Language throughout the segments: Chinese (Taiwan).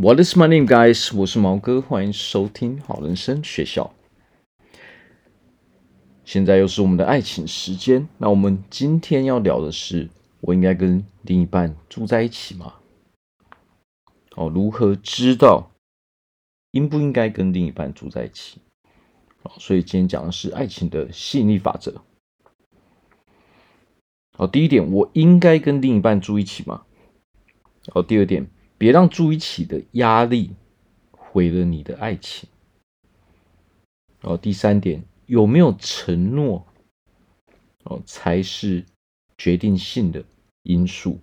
What is my name, guys？我是毛哥，歡迎收聽好人生學校。現在又是我們的愛情時間。那我們今天要聊的是，我應該跟另一半住在一起嗎？好，如何知道應不應該跟另一半住在一起？好，所以今天講的是愛情的吸引力法則。好，第一點，我應該跟另一半住一起嗎？好，第二點。別讓住一起的壓力毀了你的愛情。哦，第三點有沒有承諾？哦，才是決定性的因素。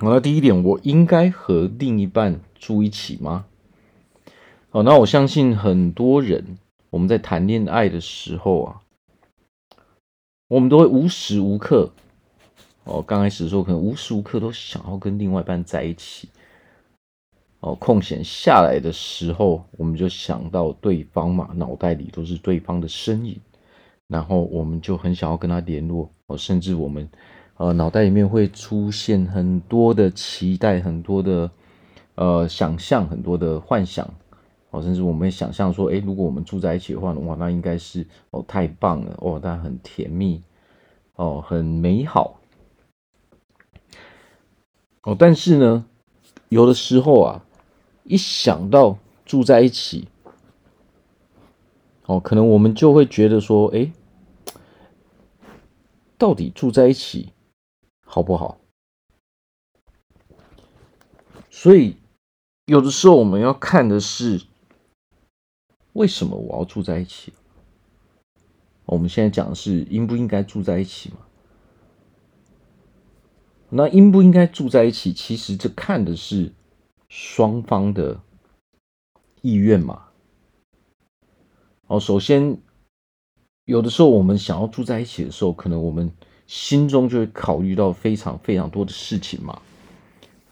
哦，那第一點，我應該和另一半住一起嗎？哦，那我相信很多人，我們在談戀愛的時候啊，我們都會無時無刻。哦，剛開始的時候可能無時無刻都想要跟另外一半在一起。哦，空閒下來的時候，我們就想到對方嘛，腦袋裡都是對方的身影，然後我們就很想要跟他聯絡。哦，甚至我們，呃，腦袋裡面會出現很多的期待，很多的，呃，想象，很多的幻想。哦，甚至我們會想象說，哎、欸，如果我們住在一起的話，哇，那應該是，哦，太棒了，哦，大家很甜蜜，哦，很美好。哦，但是呢，有的時候啊，一想到住在一起，哦，可能我們就會覺得說，哎、欸，到底住在一起好不好？所以，有的時候我們要看的是，為什麼我要住在一起？我們現在講的是應不應該住在一起嘛？那應不應該住在一起？其實這看的是雙方的意願嘛。哦，首先有的時候我們想要住在一起的時候，可能我們心中就會考慮到非常非常多的事情嘛。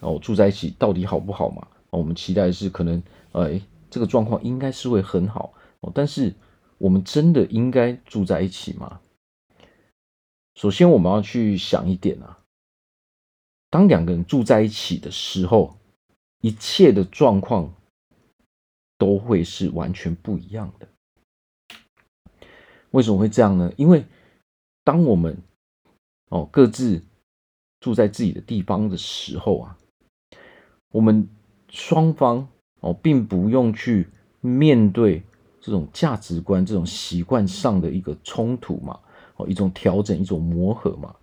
哦，住在一起到底好不好嘛？哦，我們期待的是可能，呃、哎，這個狀況應該是會很好。但是我們真的應該住在一起嗎？首先我們要去想一點啊。當兩個人住在一起的時候，一切的狀況都會是完全不一樣的。為什麼會這樣呢？因為當我們哦各自住在自己的地方的時候啊，我們雙方哦並不用去面對這種價值觀、這種習慣上的一個衝突嘛，哦一種調整、一種磨合嘛，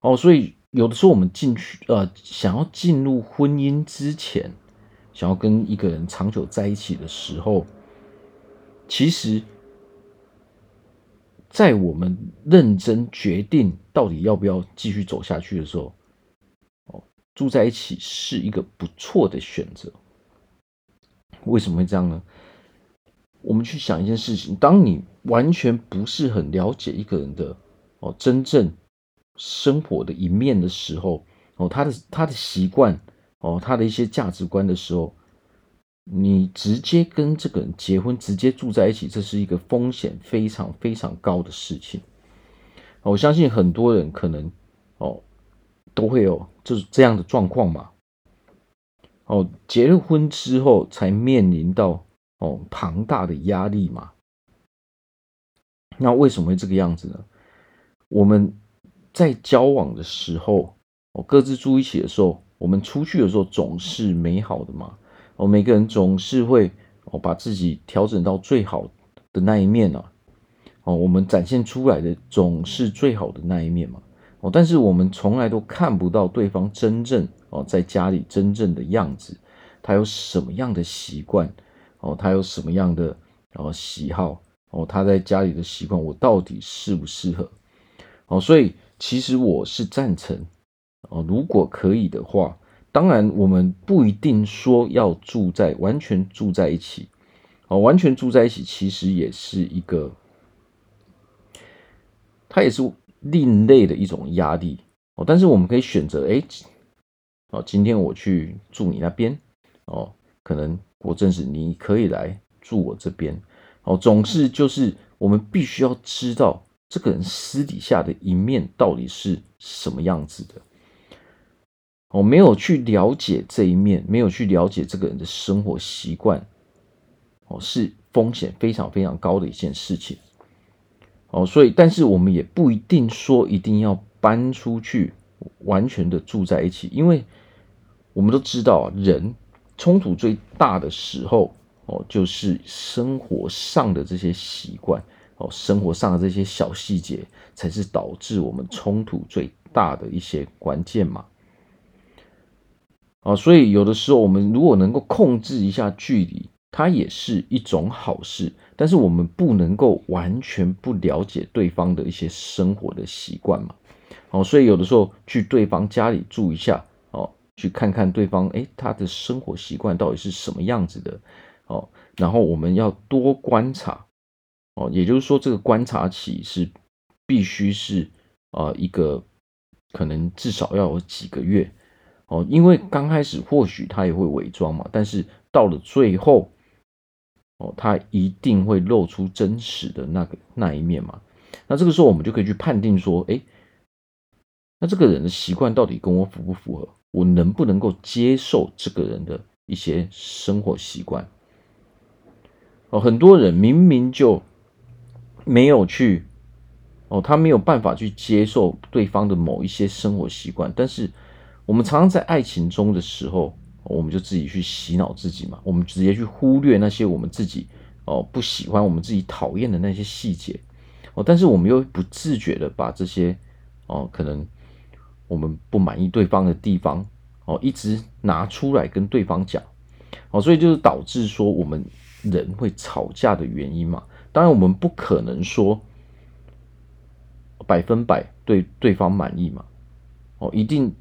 哦所以。有的時候，我們進去呃，想要進入婚姻之前，想要跟一個人長久在一起的時候，其實，在我們認真決定到底要不要繼續走下去的時候，哦，住在一起是一個不錯的選擇。為什麼會這樣呢？我們去想一件事情，當你完全不是很了解一個人的哦，真正。生活的一面的時候，哦，他的他的習慣，哦，他的一些價值觀的時候，你直接跟這個人結婚，直接住在一起，這是一個風險非常非常高的事情。我相信很多人可能，哦，都會有就是這樣的狀況嘛。哦，結了婚之後才面臨到哦，龐大的壓力嘛。那為什麼會這個樣子呢？我們。在交往的時候，哦，各自住一起的時候，我們出去的時候總是美好的嘛。哦，每個人總是會哦，把自己調整到最好的那一面啊。哦，我們展現出來的總是最好的那一面嘛。哦，但是我們從來都看不到對方真正哦，在家裡真正的樣子。他有什麼樣的習慣？哦，他有什麼樣的哦喜好？哦，他在家裡的習慣，我到底適不適合？哦，所以。其實我是贊成，哦，如果可以的話，當然我們不一定說要住在完全住在一起，哦，完全住在一起其實也是一個，它也是另類的一種壓力，哦，但是我們可以選擇，哎，哦，今天我去住你那邊，哦，可能我正是你可以來住我這邊，哦，總是就是我們必須要知道。這個人私底下的一面到底是什麼樣子的？我、哦、沒有去了解這一面，沒有去了解這個人的生活習慣，哦，是風險非常非常高的一件事情。哦，所以，但是我們也不一定說一定要搬出去，完全的住在一起，因為我們都知道、啊，人衝突最大的時候，哦，就是生活上的這些習慣。哦，生活上的這些小細節，才是導致我們衝突最大的一些關鍵嘛。哦，所以有的時候我們如果能夠控制一下距離，它也是一種好事。但是我們不能夠完全不了解對方的一些生活的習慣嘛。哦，所以有的時候去對方家裡住一下，哦，去看看對方，哎，他的生活習慣到底是什麼樣子的。哦，然後我們要多觀察。哦，也就是說，這個觀察期是必須是啊，一個可能至少要有幾個月哦，因為剛開始或許他也會偽裝嘛，但是到了最後哦，他一定會露出真實的那個那一面嘛。那這個時候我們就可以去判定說，哎，那這個人的習慣到底跟我符不符合？我能不能夠接受這個人的一些生活習慣？哦，很多人明明就。沒有去哦，他沒有辦法去接受對方的某一些生活習慣。但是我們常常在愛情中的時候，哦，我們就自己去洗腦自己嘛，我們直接去忽略那些我們自己哦不喜歡，我們自己討厭的那些細節哦。但是我們又不自覺的把這些哦，可能我們不滿意對方的地方哦，一直拿出來跟對方講哦，所以就是導致說我們人會吵架的原因嘛。當然，我們不可能說百分百對對方滿意嘛。哦，一定，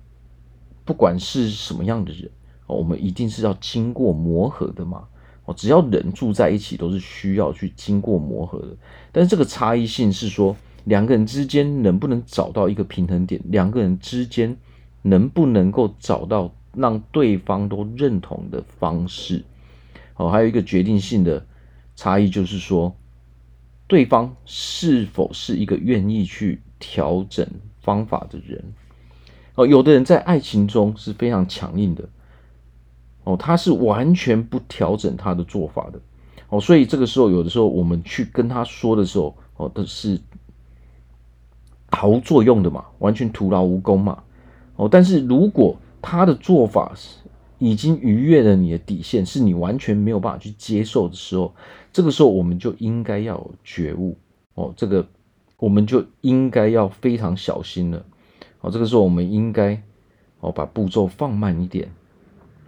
不管是什麼樣的人，哦，我們一定是要經過磨合的嘛。哦，只要人住在一起，都是需要去經過磨合的。但是這個差異性是說，兩個人之間能不能找到一個平衡點？兩個人之間能不能夠找到讓對方都認同的方式？哦，還有一個決定性的差異就是說。對方是否是一個願意去調整方法的人？哦，有的人在愛情中是非常強硬的，哦，他是完全不調整他的做法的，哦，所以這個時候有的時候我們去跟他說的時候，哦，他是毫無作用的嘛，完全徒勞無功嘛，哦，但是如果他的做法是，已經逾越了你的底線，是你完全沒有辦法去接受的時候。這個時候，我們就應該要有覺悟哦。這個，我們就應該要非常小心了。哦，這個時候，我們應該哦把步驟放慢一點，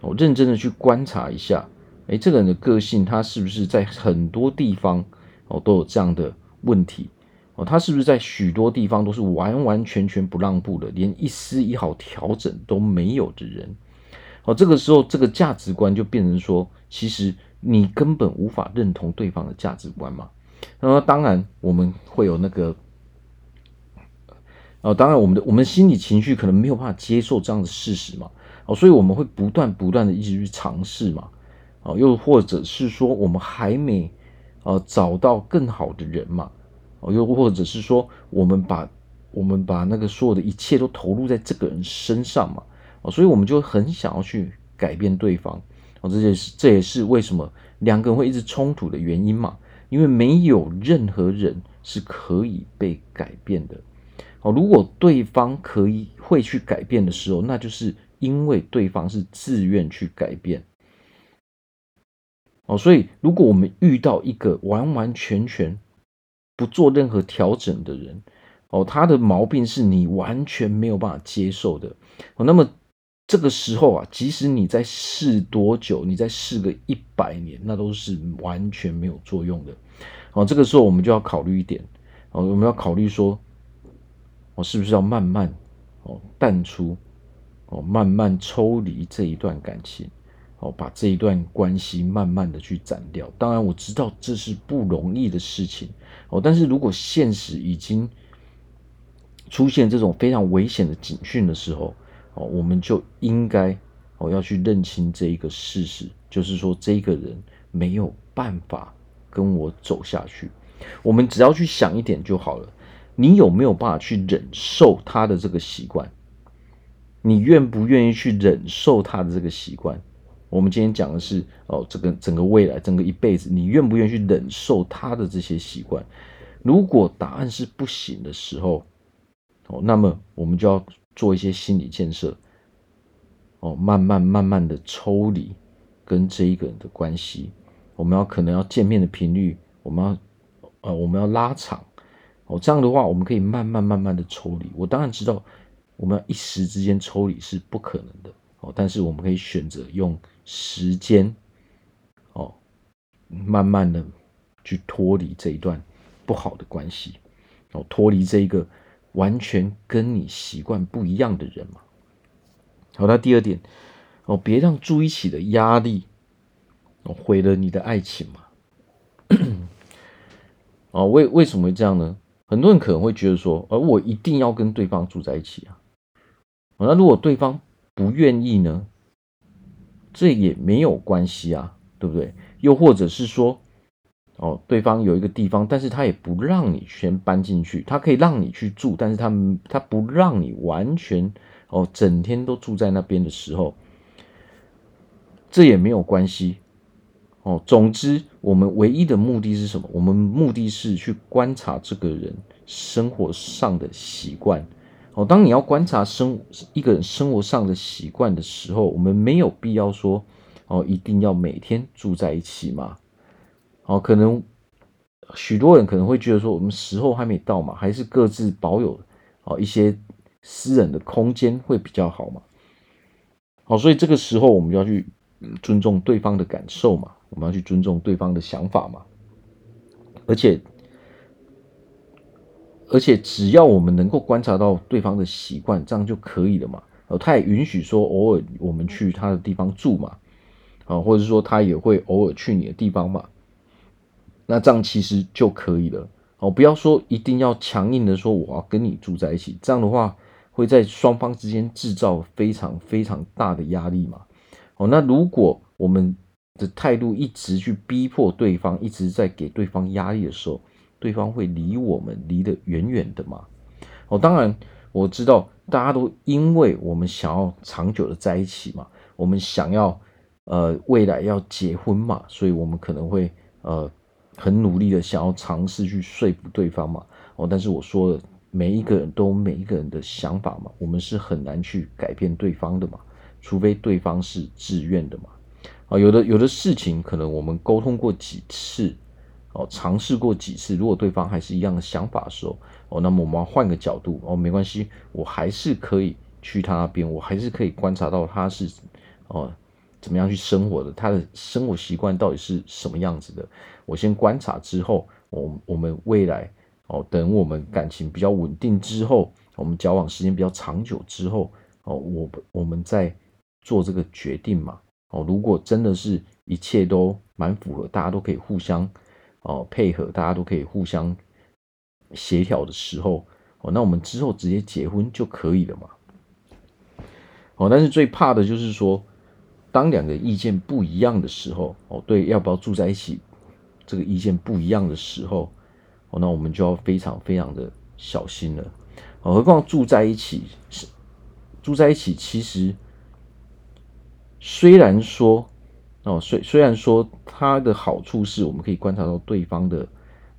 哦，認真的去觀察一下。哎，這個人的個性，他是不是在很多地方哦都有這樣的問題？哦，他是不是在許多地方都是完完全全不讓步的，連一絲一毫調整都沒有的人？哦，這個時候這個價值觀就變成說，其實你根本無法認同對方的價值觀嘛。那麼當然，我們會有那個，啊、呃，當然我們的我們心理情緒可能沒有辦法接受這樣的事實嘛。哦、呃，所以我們會不斷不斷的一直去嘗試嘛。哦、呃，又或者是說我們還沒，呃，找到更好的人嘛。哦、呃，又或者是說我們把我們把那個所有的一切都投入在這個人身上嘛。哦，所以我們就很想要去改變對方，哦，這也是這也是為什麼兩個人會一直衝突的原因嘛，因為沒有任何人是可以被改變的。哦，如果對方可以會去改變的時候，那就是因為對方是自願去改變。哦，所以如果我們遇到一個完完全全不做任何調整的人，哦，他的毛病是你完全沒有辦法接受的，哦，那麼。這個時候啊，即使你再試多久，你再試個一百年，那都是完全沒有作用的。哦，這個時候我們就要考慮一點，哦，我們要考慮說，我、哦、是不是要慢慢哦淡出，哦慢慢抽離這一段感情，哦把這一段關係慢慢的去斬掉。當然我知道這是不容易的事情，哦，但是如果現實已經出現這種非常危險的警訊的時候，哦，我們就應該哦要去認清這一個事實，就是說這個人沒有辦法跟我走下去。我們只要去想一點就好了。你有沒有辦法去忍受他的這個習慣？你願不願意去忍受他的這個習慣？我們今天講的是哦，這個整個未來、整個一輩子，你願不願意去忍受他的這些習慣？如果答案是不行的時候，哦，那麼我們就要。做一些心理建設，哦，慢慢慢慢的抽離跟這一個人的關係，我們要可能要見面的頻率，我們要，呃，我們要拉長，哦，這樣的話，我們可以慢慢慢慢的抽離。我當然知道，我們要一時之間抽離是不可能的，哦，但是我們可以選擇用時間，哦，慢慢的去脫離這一段不好的關係，哦，脫離這一個。完全跟你習慣不一樣的人嘛，好，那第二點哦，別讓住一起的壓力，哦，毀了你的愛情嘛，啊、 哦，為為什麼會這樣呢？很多人可能會覺得說，呃、哦，我一定要跟對方住在一起啊，哦、那如果對方不願意呢，這也沒有關係啊，對不對？又或者是說。哦，對方有一個地方，但是他也不讓你先搬進去，他可以讓你去住，但是他他不讓你完全哦，整天都住在那邊的時候，這也沒有關係。哦，總之，我們唯一的目的是什麼？我們目的是去觀察這個人生活上的習慣。哦，當你要觀察生一個人生活上的習慣的時候，我們沒有必要說哦，一定要每天住在一起嘛。好、哦，可能許多人可能會覺得說，我們時候還沒到嘛，還是各自保有啊、哦、一些私人的空間會比較好嘛。好，所以這個時候我們就要去尊重對方的感受嘛，我們要去尊重對方的想法嘛。而且，而且只要我們能夠觀察到對方的習慣，這樣就可以了嘛。哦，他也允許說偶爾我們去他的地方住嘛，啊、哦，或者說他也會偶爾去你的地方嘛。那這樣其實就可以了哦，不要說一定要強硬的說我要跟你住在一起，這樣的話會在雙方之間制造非常非常大的壓力嘛。哦，那如果我們的態度一直去逼迫對方，一直在給對方壓力的時候，對方會離我們離得遠遠的嘛。哦，當然我知道大家都因為我們想要長久的在一起嘛，我們想要呃未來要結婚嘛，所以我們可能會呃。很努力的想要嘗試去說服對方嘛，哦，但是我說了，每一個人都有每一個人的想法嘛，我們是很難去改變對方的嘛，除非對方是自願的嘛，哦，有的有的事情可能我們溝通過幾次，哦，嘗試過幾次，如果對方還是一樣的想法的時候，哦，那麼我們要換個角度，哦，沒關係，我還是可以去他那邊，我還是可以觀察到他是，哦。怎麼樣去生活的？他的生活習慣到底是什麼樣子的？我先觀察之後，我我們未來哦，等我們感情比較穩定之後，我們交往時間比較長久之後哦，我我們再做這個決定嘛。哦，如果真的是一切都蠻符合，大家都可以互相哦配合，大家都可以互相協調的時候哦，那我們之後直接結婚就可以了嘛。哦，但是最怕的就是說，當兩個意見不一樣的時候，哦，對，要不要住在一起這個意見不一樣的時候，哦，那我們就要非常非常的小心了。何況住在一起，住在一起，其實雖然說，哦，雖雖然說它的好處是我們可以觀察到對方的，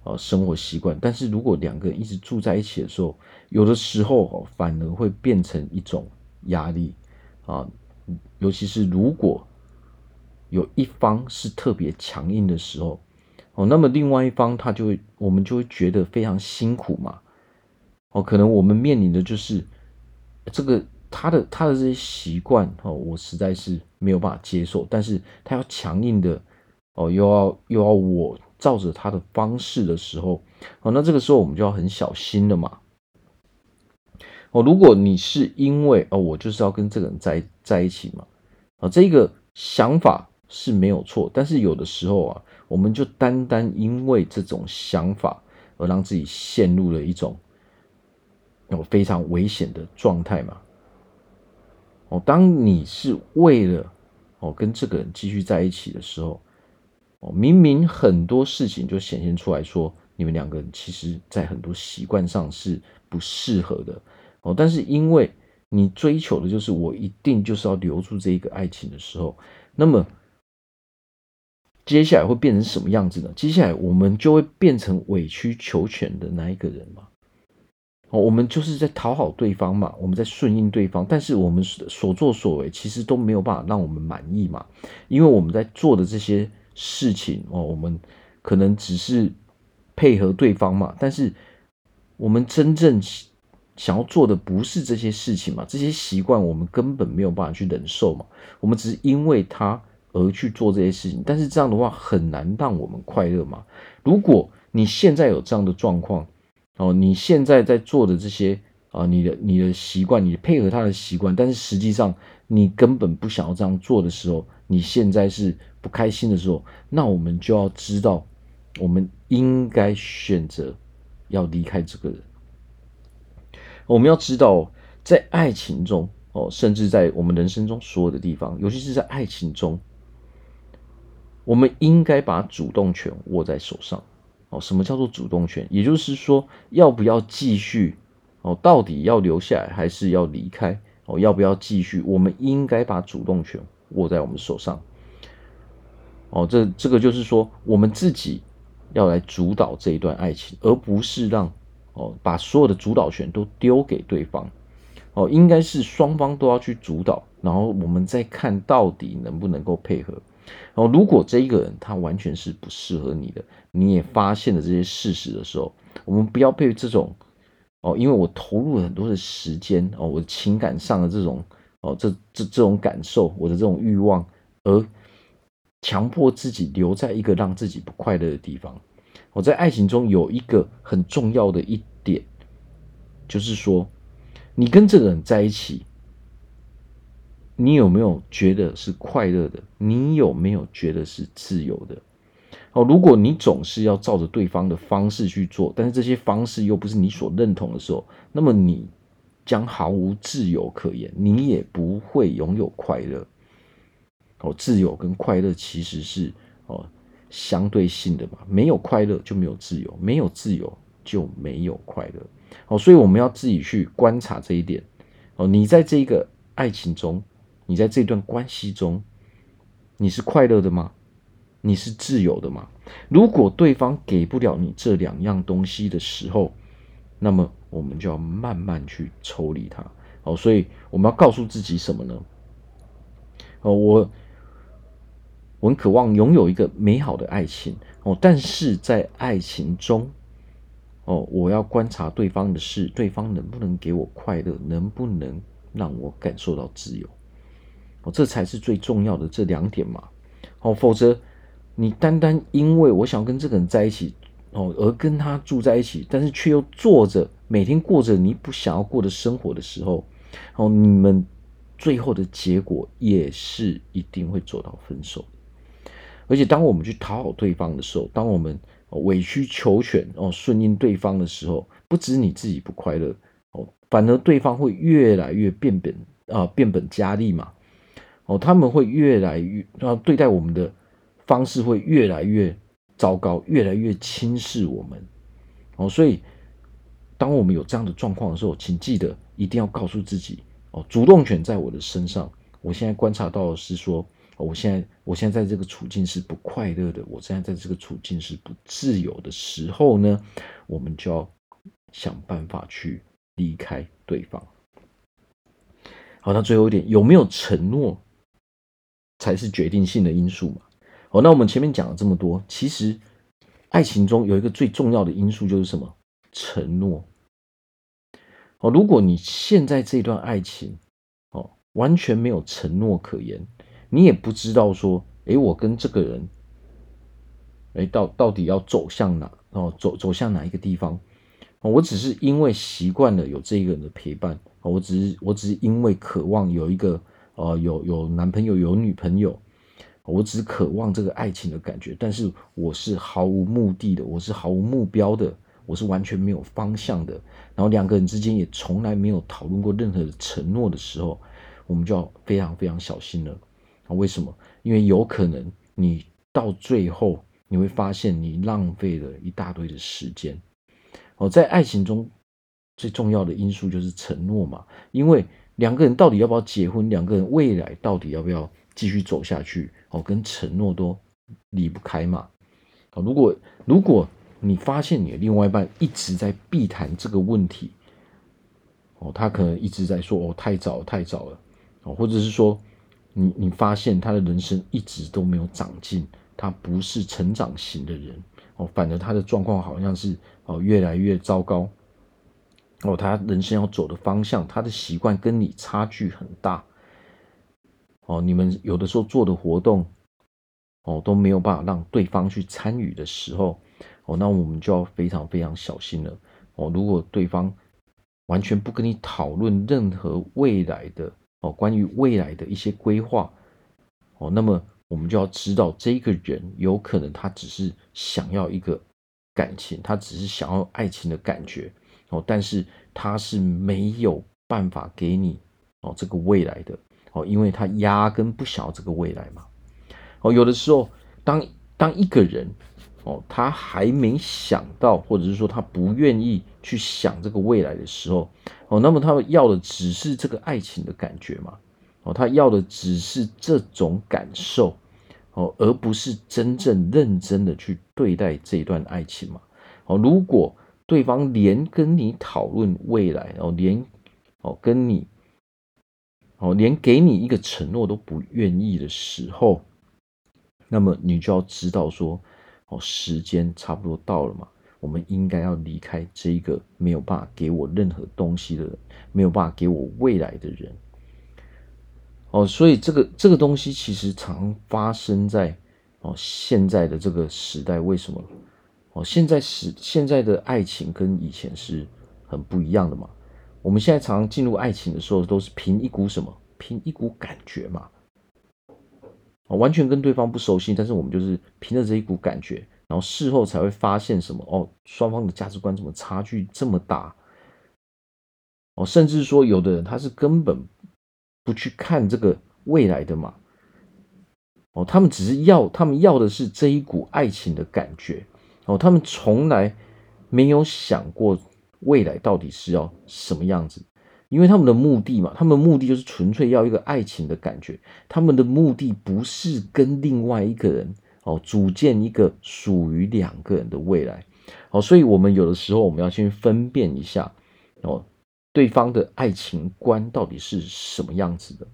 呃，生活習慣，但是如果兩個人一直住在一起的時候，有的時候反而會變成一種壓力啊。尤其是如果有一方是特別強硬的時候，哦，那麼另外一方他就會，我們就會覺得非常辛苦嘛。哦，可能我們面臨的就是這個他的他的這些習慣，哦，我實在是沒有辦法接受。但是他要強硬的，哦，又要又要我照着他的方式的時候，哦，那這個時候我們就要很小心了嘛。哦，如果你是因為哦，我就是要跟這個人在在一起嘛。啊，這個想法是沒有錯，但是有的時候啊，我們就單單因為這種想法而讓自己陷入了一種有非常危險的狀態嘛。哦，當你是為了哦跟這個人繼續在一起的時候，哦，明明很多事情就顯現出來說，你們兩個人其實在很多習慣上是不適合的，哦，但是因為。你追求的就是我一定就是要留住這一個愛情的時候，那麼接下來會變成什麼樣子呢？接下來我們就會變成委曲求全的那一個人嘛？哦，我們就是在討好對方嘛，我們在順應對方，但是我們所作所為其實都沒有辦法讓我們滿意嘛，因為我們在做的這些事情哦，我們可能只是配合對方嘛，但是我們真正。想要做的不是這些事情嘛？這些習慣我們根本沒有辦法去忍受嘛。我們只是因為他而去做這些事情，但是這樣的話很難讓我們快樂嘛。如果你現在有這樣的狀況，哦，你現在在做的這些啊、呃，你的你的習慣，你配合他的習慣，但是實際上你根本不想要這樣做的時候，你現在是不開心的時候，那我們就要知道，我們應該選擇要離開這個人。我們要知道，在愛情中，哦，甚至在我們人生中所有的地方，尤其是在愛情中，我們應該把主動權握在手上。哦，什麼叫做主動權？也就是說，要不要繼續？哦，到底要留下來還是要離開？哦，要不要繼續？我們應該把主動權握在我們手上。哦，這這個就是說，我們自己要來主導這一段愛情，而不是讓。哦，把所有的主導權都丟給對方，哦，應該是雙方都要去主導，然後我們再看到底能不能夠配合。哦，如果這一個人他完全是不適合你的，你也發現了這些事實的時候，我們不要被這種，哦，因為我投入了很多的時間，哦，我情感上的這種，哦，這這這種感受，我的這種慾望，而強迫自己留在一個讓自己不快樂的地方。我在愛情中有一個很重要的一點，就是說，你跟這個人在一起，你有沒有覺得是快樂的？你有沒有覺得是自由的？哦，如果你總是要照着對方的方式去做，但是這些方式又不是你所認同的時候，那麼你將毫無自由可言，你也不會擁有快樂。哦，自由跟快樂其實是哦。相對性的嘛，沒有快樂就沒有自由，沒有自由就沒有快樂。哦，所以我們要自己去觀察這一點。哦，你在這一個愛情中，你在這段關係中，你是快樂的嗎？你是自由的嗎？如果對方給不了你這兩樣東西的時候，那麼我們就要慢慢去抽離它。哦，所以我們要告訴自己什麼呢？哦，我。我很渴望擁有一個美好的愛情哦，但是在愛情中，哦，我要觀察對方的事，對方能不能給我快樂，能不能讓我感受到自由，哦，這才是最重要的這兩點嘛。哦，否則你單單因為我想跟這個人在一起哦，而跟他住在一起，但是卻又坐着每天過着你不想要過的生活的時候，哦，你們最後的結果也是一定會走到分手。而且，當我們去討好對方的時候，當我們委曲求全哦，順應對方的時候，不止你自己不快樂哦，反而對方會越來越變本啊變、呃、本加厲嘛哦，他們會越來越啊對待我們的方式會越來越糟糕，越來越輕視我們哦，所以，當我們有這樣的狀況的時候，請記得一定要告訴自己哦，主動權在我的身上。我現在觀察到的是說。我現在我現在在這個處境是不快樂的，我現在在這個處境是不自由的時候呢，我們就要想辦法去離開對方。好，那最後一點，有沒有承諾才是決定性的因素嘛？好，那我們前面講了這麼多，其實愛情中有一個最重要的因素就是什麼？承諾。好，如果你現在這段愛情哦，完全沒有承諾可言。你也不知道說，誒，我跟這個人，誒，到到底要走向哪？哦，走走向哪一個地方？我只是因為習慣了有這個人的陪伴，我只是，我只是因為渴望有一個，呃，有有男朋友，有女朋友，我只渴望這個愛情的感覺。但是我是毫無目的的，我是毫無目標的，我是完全沒有方向的。然後兩個人之間也從來沒有討論過任何的承諾的時候，我們就要非常非常小心了。啊，為什麼？因為有可能你到最後你會發現，你浪費了一大堆的時間。哦，在愛情中最重要的因素就是承諾嘛，因為兩個人到底要不要結婚，兩個人未來到底要不要繼續走下去，哦，跟承諾都離不開嘛。啊，如果如果你發現你的另外一半一直在避談這個問題，哦，他可能一直在說哦，太早太早了，哦，或者是說。你你發現他的人生一直都沒有長進，他不是成長型的人哦，反而他的狀況好像是哦越來越糟糕哦，他人生要走的方向，他的習慣跟你差距很大哦，你們有的時候做的活動哦都沒有辦法讓對方去參與的時候哦，那我們就要非常非常小心了哦，如果對方完全不跟你討論任何未來的。哦，關於未來的一些規劃，哦，那麼我們就要知道，這個人有可能他只是想要一個感情，他只是想要愛情的感覺，哦，但是他是沒有辦法給你哦這個未來的，哦，因為他壓根不想要這個未來嘛，哦，有的時候當當一個人。哦，他還沒想到，或者是說他不願意去想這個未來的時候，哦，那麼他要的只是這個愛情的感覺嘛，哦，他要的只是這種感受，哦，而不是真正認真的去對待這一段愛情嘛。哦，如果對方連跟你討論未來，哦，連哦跟你哦連給你一個承諾都不願意的時候，那麼你就要知道說。時間差不多到了嘛，我們應該要離開這一個沒有辦法給我任何東西的人、沒有辦法給我未來的人。哦，所以這個這個東西其實常常發生在哦現在的這個時代，為什麼？哦，現在是現在的愛情跟以前是很不一樣的嘛。我們現在常常進入愛情的時候，都是憑一股什麼？憑一股感覺嘛。完全跟對方不熟悉，但是我們就是憑着這一股感覺，然後事後才會發現什麼哦，雙方的價值觀怎麼差距這麼大？哦，甚至說有的人他是根本不去看這個未來的嘛，哦，他們只是要，他們要的是這一股愛情的感覺，哦，他們從來沒有想過未來到底是要什麼樣子。因為他們的目的嘛，他們的目的就是純粹要一個愛情的感覺。他們的目的不是跟另外一個人哦，組建一個屬於兩個人的未來。哦，所以我們有的時候我們要先分辨一下哦，對方的愛情觀到底是什麼樣子的。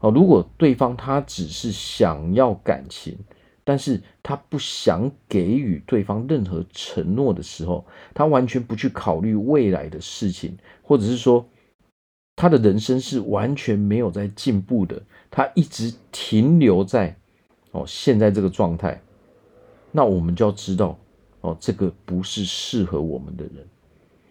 哦，如果對方他只是想要感情，但是他不想給予對方任何承諾的時候，他完全不去考慮未來的事情，或者是說，他的人生是完全沒有在進步的，他一直停留在哦現在這個狀態。那我們就要知道哦，這個不是適合我們的人。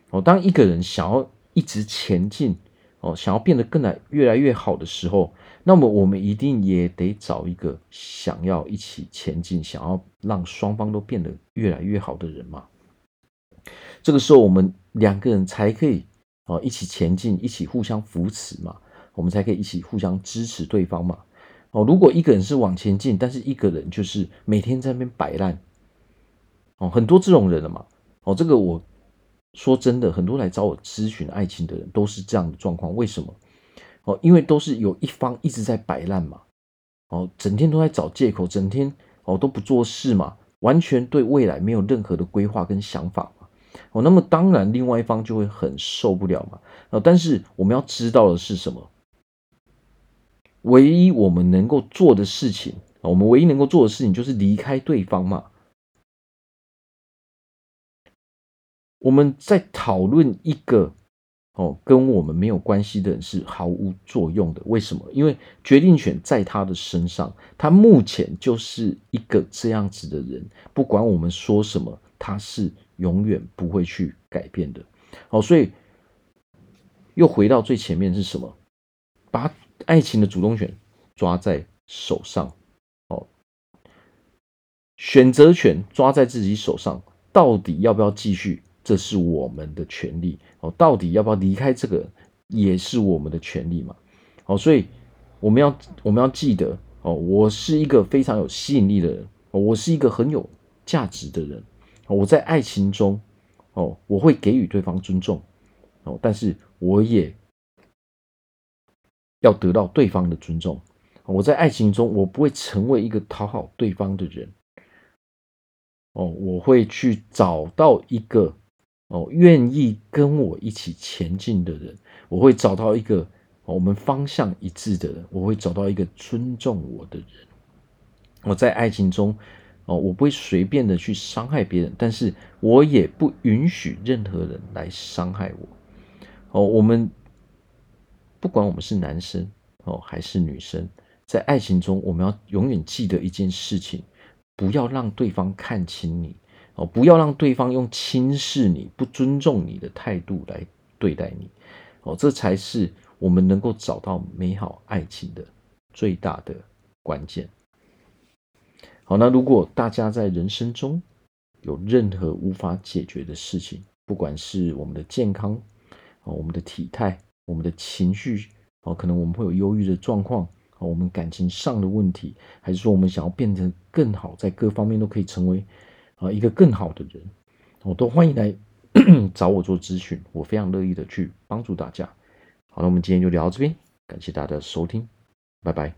哦，當一個人想要一直前進，哦，想要變得更來越來越好的時候，那麼我們一定也得找一個想要一起前進、想要讓雙方都變得越來越好的人嘛。這個時候，我們兩個人才可以。哦，一起前進，一起互相扶持嘛，我們才可以一起互相支持對方嘛。哦，如果一個人是往前進，但是一個人就是每天在那邊擺爛，哦，很多這種人了嘛。哦，這個我說真的，很多來找我諮詢愛情的人都是這樣的狀況，為什麼？哦，因為都是有一方一直在擺爛嘛。哦，整天都在找借口，整天哦都不做事嘛，完全對未來沒有任何的規劃跟想法。哦，那麼當然，另外一方就會很受不了嘛。哦，但是我們要知道的是什麼？唯一我們能夠做的事情，哦，我們唯一能夠做的事情就是離開對方嘛。我們在討論一個哦跟我們沒有關係的人是毫無作用的，為什麼？因為決定權在他的身上，他目前就是一個這樣子的人，不管我們說什麼，他是。永遠不會去改變的。好，所以又回到最前面是什麼？把愛情的主動權抓在手上，哦，選擇權抓在自己手上，到底要不要繼續？這是我們的權利。哦，到底要不要離開這個？也是我們的權利嘛。好，所以我們要我們要記得，哦，我是一個非常有吸引力的人，哦，我是一個很有價值的人。我在愛情中，哦，我會給予對方尊重，哦，但是我也要得到對方的尊重。我在愛情中，我不會成為一個討好對方的人，哦，我會去找到一個哦願意跟我一起前進的人，我會找到一個我們方向一致的人，我會找到一個尊重我的人。我在愛情中。哦，我不會隨便的去傷害別人，但是我也不允許任何人來傷害我。哦，我們不管我們是男生哦還是女生，在愛情中，我們要永遠記得一件事情，不要讓對方看輕你哦，不要讓對方用輕視你、不尊重你的態度來對待你哦，這才是我們能夠找到美好愛情的最大的關鍵。好，那如果大家在人生中有任何無法解決的事情，不管是我們的健康、啊、哦、我們的體態、我們的情緒，啊、哦、可能我們會有憂鬱的狀況，啊、哦、我們感情上的問題，還是說我們想要變得更好，在各方面都可以成為啊、呃、一個更好的人，我、哦、都歡迎來 找我做諮詢，我非常樂意的去幫助大家。好了，那我們今天就聊到這邊，感謝大家的收聽，拜拜。